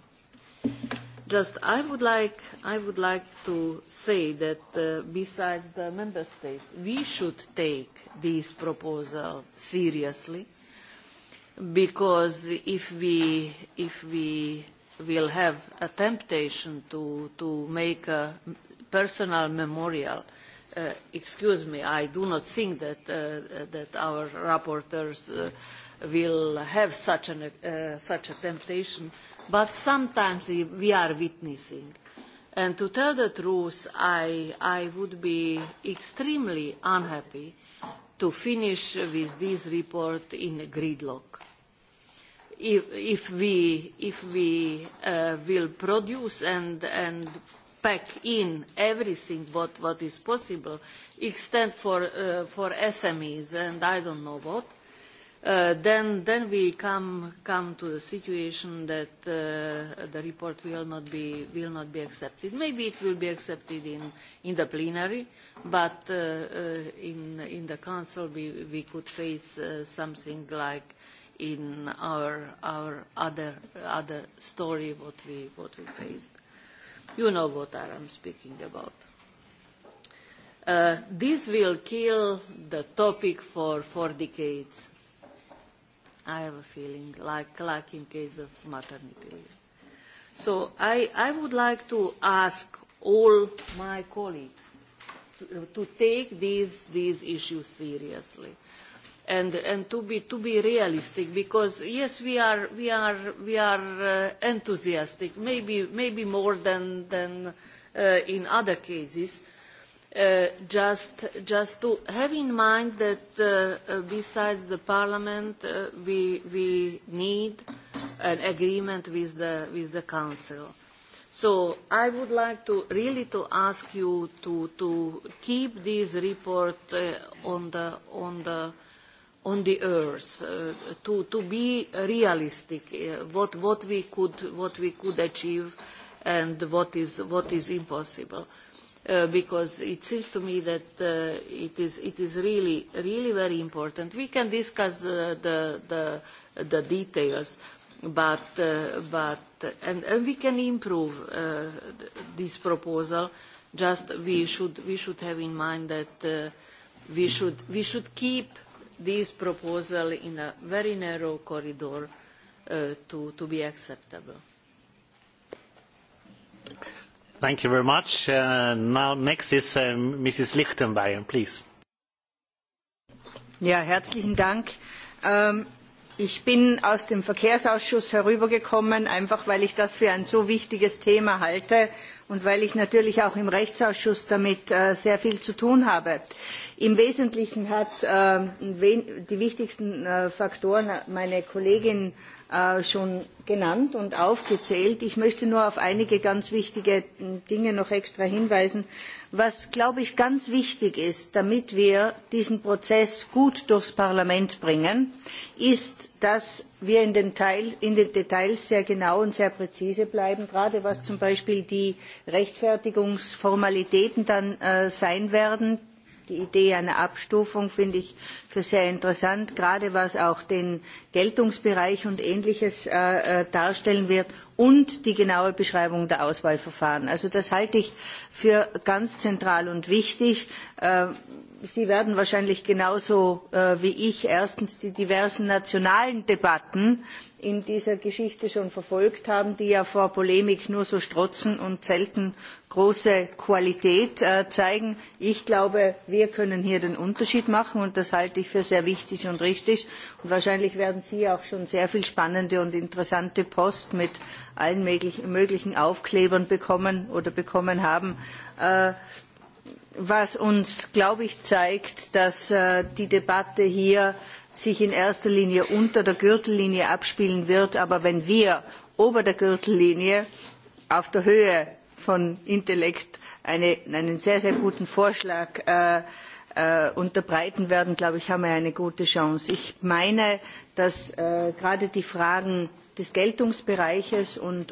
Just I would like, I would like to say that uh, besides the member states, we should take this proposal seriously because if we, if we will have a temptation to, to make a personal memorial. Uh, excuse me, I do not think that, uh, that our rapporteurs uh, will have such, an, uh, such a temptation, but sometimes we are witnessing. And to tell the truth, I, I would be extremely unhappy to finish with this report in gridlock if, if we, if we uh, will produce and, and pack in everything what, what is possible, extend for, uh, for SMEs and I don't know what, uh, then, then we come, come to the situation that uh, the report will not, be, will not be accepted. Maybe it will be accepted in, in the plenary, but uh, uh, in, in the council we, we could face uh, something like in our, our other, other story what we, what we faced. You know what I'm speaking about. Uh, this will kill the topic for four decades. I have a feeling, like, like in case of maternity leave. So I, I would like to ask all my colleagues to, to take these, these issues seriously and, and to, be, to be realistic because yes we are we are we are uh, enthusiastic maybe maybe more than than uh, in other cases uh, just just to have in mind that uh, uh, besides the parliament uh, we we need an agreement with the with the council so i would like to really to ask you to to keep this report on the on the on the earth uh, to to be realistic uh, what what we could what we could achieve and what is what is impossible uh, because it seems to me that uh, it is it is really really very important we can discuss the the the, the details but uh, but and, and we can improve uh, this proposal just we should we should have in mind that uh, we should we should keep this proposal in a very narrow corridor uh, to, to be acceptable. Thank you very much. Uh, now next is uh, Mrs. Lichtenberger, please. Ja, herzlichen Dank. Ähm, ich bin aus dem Verkehrsausschuss herübergekommen, einfach weil ich das für ein so wichtiges Thema halte und weil ich natürlich auch im Rechtsausschuss damit äh, sehr viel zu tun habe. Im Wesentlichen hat äh, die wichtigsten äh, Faktoren meine Kollegin Äh, schon genannt und aufgezählt. Ich möchte nur auf einige ganz wichtige hm, Dinge noch extra hinweisen, was, glaube ich, ganz wichtig ist, damit wir diesen Prozess gut durchs Parlament bringen, ist, dass wir in den, Teil, in den Details sehr genau und sehr präzise bleiben, gerade was zum Beispiel die Rechtfertigungsformalitäten dann äh, sein werden, die Idee einer Abstufung finde ich für sehr interessant, gerade was auch den Geltungsbereich und Ähnliches äh, äh, darstellen wird und die genaue Beschreibung der Auswahlverfahren. Also das halte ich für ganz zentral und wichtig. Äh, Sie werden wahrscheinlich genauso äh, wie ich erstens die diversen nationalen Debatten in dieser Geschichte schon verfolgt haben, die ja vor Polemik nur so strotzen und selten große Qualität äh, zeigen. Ich glaube, wir können hier den Unterschied machen und das halte ich für sehr wichtig und richtig. Und wahrscheinlich werden Sie auch schon sehr viel spannende und interessante Post mit allen möglichen Aufklebern bekommen oder bekommen haben. Äh, was uns, glaube ich, zeigt, dass äh, die Debatte hier sich in erster Linie unter der Gürtellinie abspielen wird. Aber wenn wir ober der Gürtellinie auf der Höhe von Intellekt einen sehr, sehr guten Vorschlag äh, äh, unterbreiten werden, glaube ich, haben wir eine gute Chance. Ich meine, dass gerade die Fragen des Geltungsbereiches und,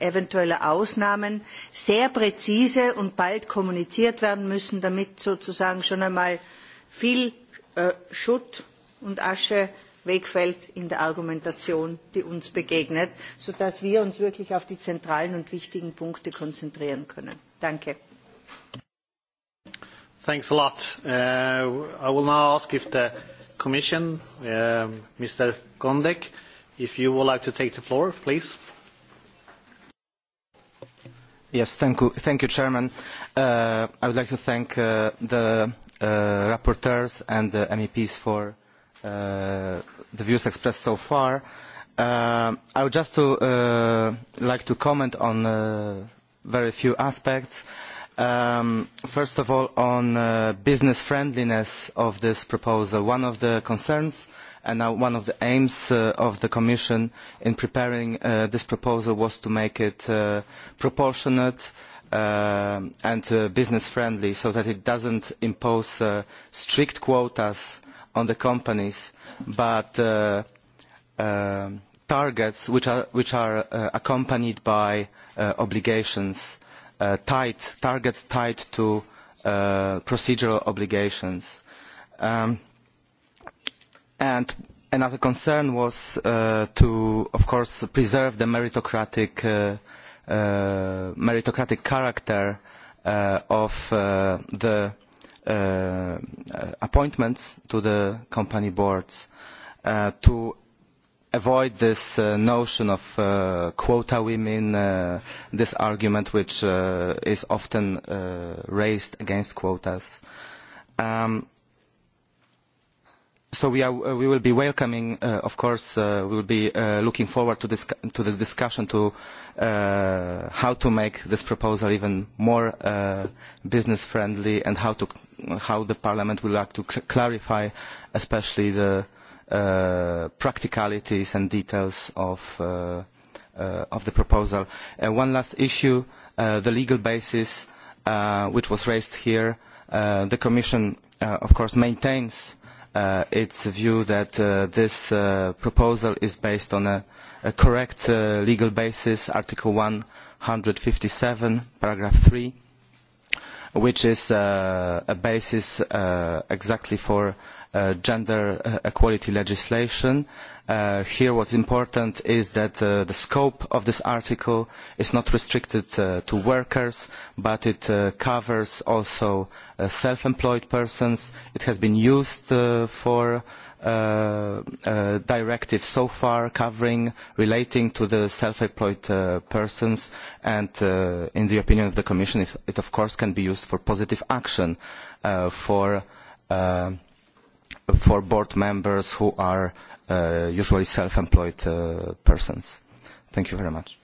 eventueller Ausnahmen sehr präzise und bald kommuniziert werden müssen, damit sozusagen schon einmal viel äh, Schutt und Asche wegfällt in der Argumentation, die uns begegnet, sodass wir uns wirklich auf die zentralen und wichtigen Punkte konzentrieren können. Danke. Thanks a lot. Uh, I will now ask if the Commission, uh, Mr. Gondek, If you would like to take the floor, please. Yes, thank you, thank you Chairman. Uh, I would like to thank uh, the uh, rapporteurs and the MEPs for uh, the views expressed so far. Uh, I would just to, uh, like to comment on very few aspects. Um, first of all, on business friendliness of this proposal. One of the concerns uh, and one of the aims uh, of the Commission in preparing uh, this proposal was to make it uh, proportionate uh, and uh, business-friendly so that it doesn't impose uh, strict quotas on the companies, but um, targets which are, which are accompanied by obligations, tied, targets tied to procedural obligations. Um, And another concern was uh, to, of course, preserve the meritocratic, uh, uh, meritocratic character uh, of uh, the uh, appointments to the company boards, to avoid this notion of quota women, this argument which is often raised against quotas. Um, so we, are, we will be welcoming, uh, of course, uh, we will be uh, looking forward to, this, to the discussion to uh, how to make this proposal even more uh, business friendly and how, to, how the Parliament will like to clarify especially the uh, practicalities and details of, uh, uh, of the proposal. Uh, one last issue, uh, the legal basis, uh, which was raised here. Uh, the Commission, uh, of course, maintains uh, its view that uh, this uh, proposal is based on a, a correct uh, legal basis, Article 157, paragraph 3, which is uh, a basis uh, exactly for uh, gender uh, equality legislation. Uh, here what is important is that uh, the scope of this article is not restricted uh, to workers, but it uh, covers also self-employed persons. It has been used for Uh, uh, directive so far covering relating to the self-employed uh, persons and in the opinion of the Commission it, it, of course can be used for positive action for for board members who are uh, usually self-employed uh, persons. Thank you very much.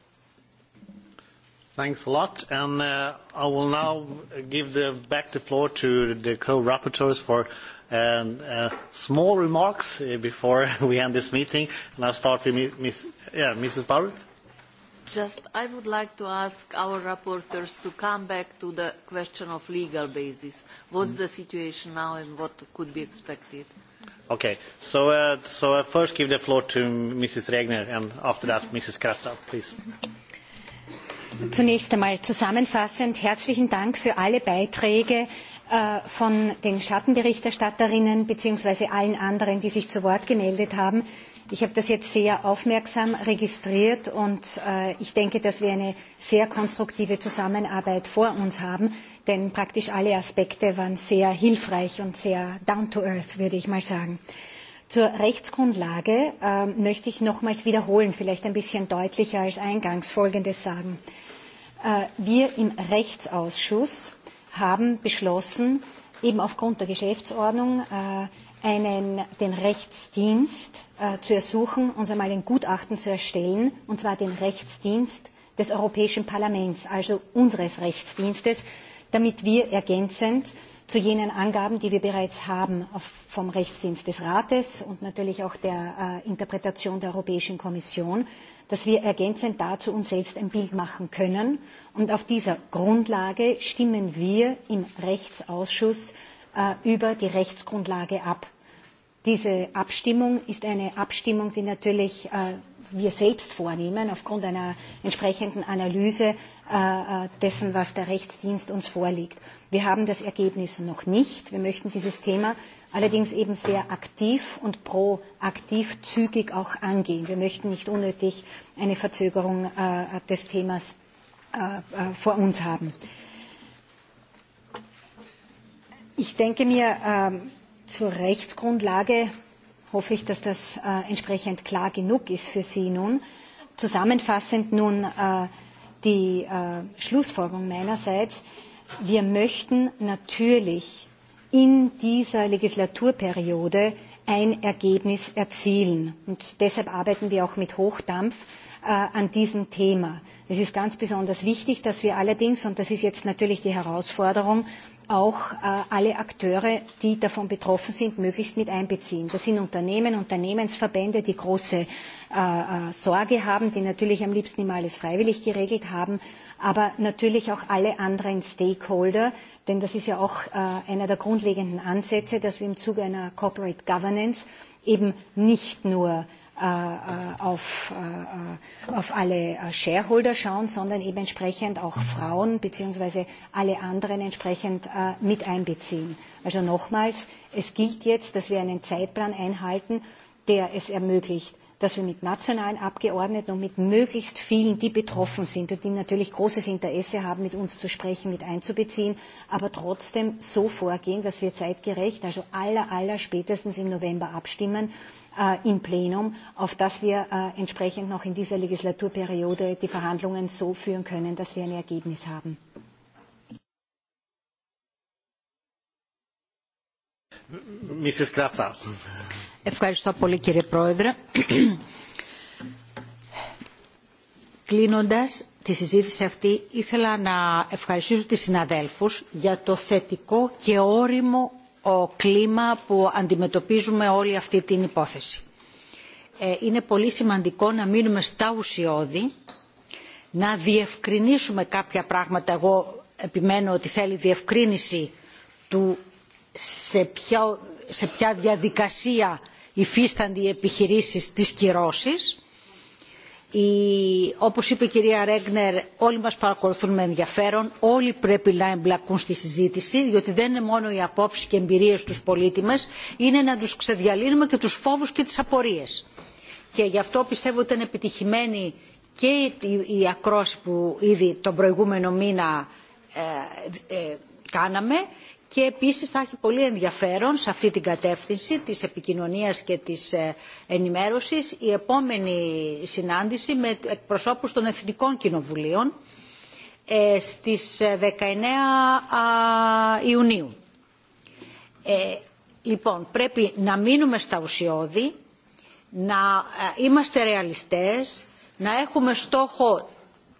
Thanks a lot. And uh, I will now give the, back the floor to the co-rapporteurs for um, uh, small remarks uh, before we end this meeting. And I'll start with Ms. Yeah, Mrs. Bauer. Just, I would like to ask our rapporteurs to come back to the question of legal basis. What's the situation now and what could be expected? Okay, so, uh, so I uh, first give the floor to Mrs. Regner and after that Mrs. Kratzer, please. Zunächst einmal zusammenfassend herzlichen Dank für alle Beiträge äh, von den Schattenberichterstatterinnen bzw. allen anderen, die sich zu Wort gemeldet haben. Ich habe das jetzt sehr aufmerksam registriert und äh, ich denke, dass wir eine sehr konstruktive Zusammenarbeit vor uns haben, denn praktisch alle Aspekte waren sehr hilfreich und sehr down to earth, würde ich mal sagen. Zur Rechtsgrundlage äh, möchte ich nochmals wiederholen, vielleicht ein bisschen deutlicher als eingangs Folgendes sagen. Äh, wir im Rechtsausschuss haben beschlossen, eben aufgrund der Geschäftsordnung, äh, einen, den Rechtsdienst äh, zu ersuchen, uns einmal ein Gutachten zu erstellen, und zwar den Rechtsdienst des Europäischen Parlaments, also unseres Rechtsdienstes, damit wir ergänzend zu jenen Angaben, die wir bereits haben auf, vom Rechtsdienst des Rates und natürlich auch der äh, Interpretation der Europäischen Kommission, dass wir ergänzend dazu uns selbst ein Bild machen können. Und auf dieser Grundlage stimmen wir im Rechtsausschuss Äh, über die Rechtsgrundlage ab. Diese Abstimmung ist eine Abstimmung, die natürlich äh, wir selbst vornehmen, aufgrund einer entsprechenden Analyse äh, äh, dessen, was der Rechtsdienst uns vorlegt. Wir haben das Ergebnis noch nicht. Wir möchten dieses Thema allerdings eben sehr aktiv und proaktiv zügig auch angehen. Wir möchten nicht unnötig eine Verzögerung äh, des Themas äh, vor uns haben. Ich denke mir, ähm, zur Rechtsgrundlage hoffe ich, dass das äh, entsprechend klar genug ist für Sie nun. Zusammenfassend nun äh, die äh, Schlussfolgerung meinerseits. Wir möchten natürlich in dieser Legislaturperiode ein Ergebnis erzielen. Und deshalb arbeiten wir auch mit Hochdampf äh, an diesem Thema. Es ist ganz besonders wichtig, dass wir allerdings, und das ist jetzt natürlich die Herausforderung, auch äh, alle Akteure, die davon betroffen sind, möglichst mit einbeziehen. Das sind Unternehmen, Unternehmensverbände, die große äh, äh, Sorge haben, die natürlich am liebsten immer alles freiwillig geregelt haben, aber natürlich auch alle anderen Stakeholder, denn das ist ja auch äh, einer der grundlegenden Ansätze, dass wir im Zuge einer Corporate Governance eben nicht nur Äh, äh, auf, äh, auf alle Shareholder schauen, sondern eben entsprechend auch Frauen bzw. alle anderen entsprechend mit einbeziehen. Also nochmals, es gilt jetzt, dass wir einen Zeitplan einhalten, der es ermöglicht, dass wir mit nationalen Abgeordneten und mit möglichst vielen, die betroffen sind und die natürlich großes Interesse haben, mit uns zu sprechen, mit einzubeziehen, aber trotzdem so vorgehen, dass wir zeitgerecht, also aller, aller spätestens im November abstimmen Äh, im Plenum, auf dass wir äh, entsprechend noch in dieser Legislaturperiode die Verhandlungen so führen können, dass wir ein Ergebnis haben. Mrs. Kratsa. Ευχαριστώ πολύ κύριε Πρόεδρε. Κλείνοντας τη συζήτηση αυτή, ήθελα να ευχαριστήσω τις συναδέλφους για το θετικό και όριμο κλίμα που αντιμετωπίζουμε όλη αυτή την υπόθεση. Είναι πολύ σημαντικό να μείνουμε στα ουσιώδη, να διευκρινίσουμε κάποια πράγματα. Εγώ επιμένω ότι θέλει διευκρίνηση του σε ποια, σε ποια διαδικασία υφίστανται οι επιχειρήσεις της κυρώσεις η, όπως είπε η κυρία Ρέγνερ, όλοι μας παρακολουθούν με ενδιαφέρον, όλοι πρέπει να εμπλακούν στη συζήτηση, διότι δεν είναι μόνο οι απόψεις και εμπειρίες τους πολίτη μας, είναι να τους ξεδιαλύνουμε και τους φόβους και τις απορίες. Και γι' αυτό πιστεύω ότι ήταν επιτυχημένη και η, η ακρόση που ήδη τον προηγούμενο μήνα ε, ε, κάναμε, και επίσης θα έχει πολύ ενδιαφέρον σε αυτή την κατεύθυνση της επικοινωνίας και της ενημέρωσης η επόμενη συνάντηση με εκπροσώπους των Εθνικών Κοινοβουλίων ε, στις 19 Ιουνίου. Ε, λοιπόν, πρέπει να μείνουμε στα ουσιώδη, να είμαστε ρεαλιστές, να έχουμε στόχο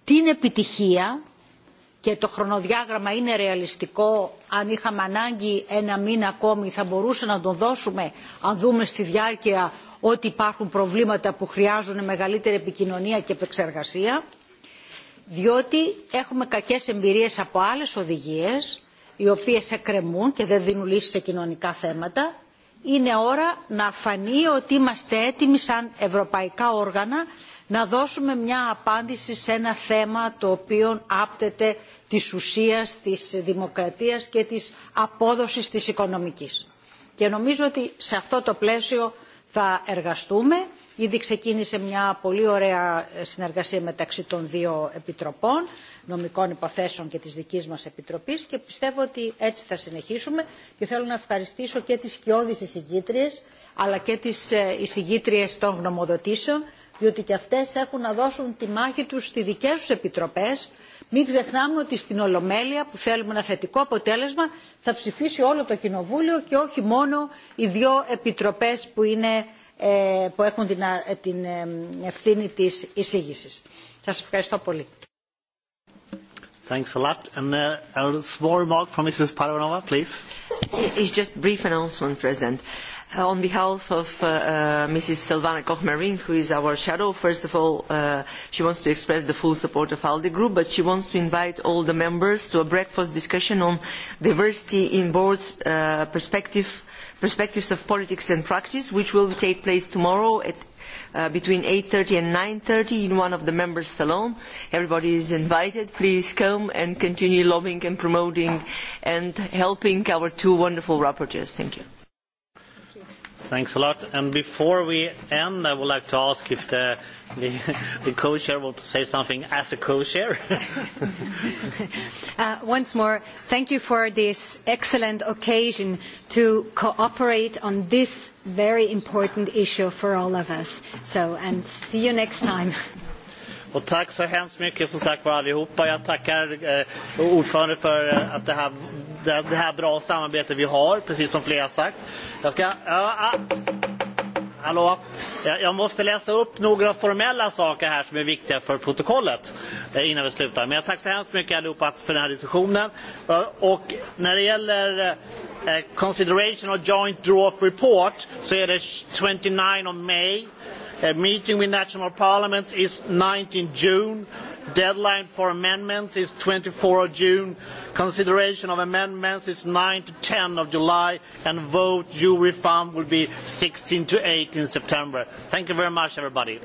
την επιτυχία και το χρονοδιάγραμμα είναι ρεαλιστικό. Αν είχαμε ανάγκη ένα μήνα ακόμη θα μπορούσε να τον δώσουμε αν δούμε στη διάρκεια ότι υπάρχουν προβλήματα που χρειάζονται μεγαλύτερη επικοινωνία και επεξεργασία. Διότι έχουμε κακές εμπειρίες από άλλες οδηγίες οι οποίες εκκρεμούν και δεν δίνουν λύσεις σε κοινωνικά θέματα. Είναι ώρα να φανεί ότι είμαστε έτοιμοι σαν ευρωπαϊκά όργανα να δώσουμε μια απάντηση σε ένα θέμα το οποίο άπτεται της ουσίας, της δημοκρατίας και της απόδοσης της οικονομικής. Και νομίζω ότι σε αυτό το πλαίσιο θα εργαστούμε. Ήδη ξεκίνησε μια πολύ ωραία συνεργασία μεταξύ των δύο επιτροπών, νομικών υποθέσεων και της δικής μας επιτροπής και πιστεύω ότι έτσι θα συνεχίσουμε και θέλω να ευχαριστήσω και τις σκιώδεις εισηγήτριες αλλά και τις εισηγήτριες των γνωμοδοτήσεων διότι και αυτές έχουν να δώσουν τη μάχη τους στις δικές τους επιτροπές. Μην ξεχνάμε ότι στην Ολομέλεια που θέλουμε ένα θετικό αποτέλεσμα θα ψηφίσει όλο το Κοινοβούλιο και όχι μόνο οι δύο επιτροπές που, είναι, ε, που έχουν την, την ευθύνη της εισήγησης. Σας ευχαριστώ πολύ. Thanks a lot. And uh, a small remark from Mrs. Paranova, please. It's just brief announcement, President. Uh, Uh, on behalf of uh, uh, Mrs. Silvana Koch-Marin, who is our shadow, first of all, uh, she wants to express the full support of ALDE Group, but she wants to invite all the members to a breakfast discussion on diversity in boards uh, perspective, perspectives of politics and practice, which will take place tomorrow at Uh, between 8.30 and 9.30 in one of the members' salon. Everybody is invited. Please come and continue lobbying and promoting and helping our two wonderful rapporteurs. Thank you. Thanks a lot. And before we end, I would like to ask if the, the, co-chair will say something as a co-chair. uh, once more, thank you for this excellent occasion to cooperate on this very important issue for all of us. So, and see you next time. Och tack så hemskt mycket som sagt var allihopa. Jag tackar eh, ordförande för eh, att det här, det, det här bra samarbetet vi har, precis som flera sagt. Jag ska... Ja, ah, hallå? Jag, jag måste läsa upp några formella saker här som är viktiga för protokollet eh, innan vi slutar. Men jag tackar så hemskt mycket allihopa för den här diskussionen. Eh, och när det gäller eh, consideration of joint draw report så är det 29 of May a meeting with national parliaments is 19 June. Deadline for amendments is 24 June. Consideration of amendments is 9 to 10 of July, and vote you reform will be 16 to 18 September. Thank you very much, everybody.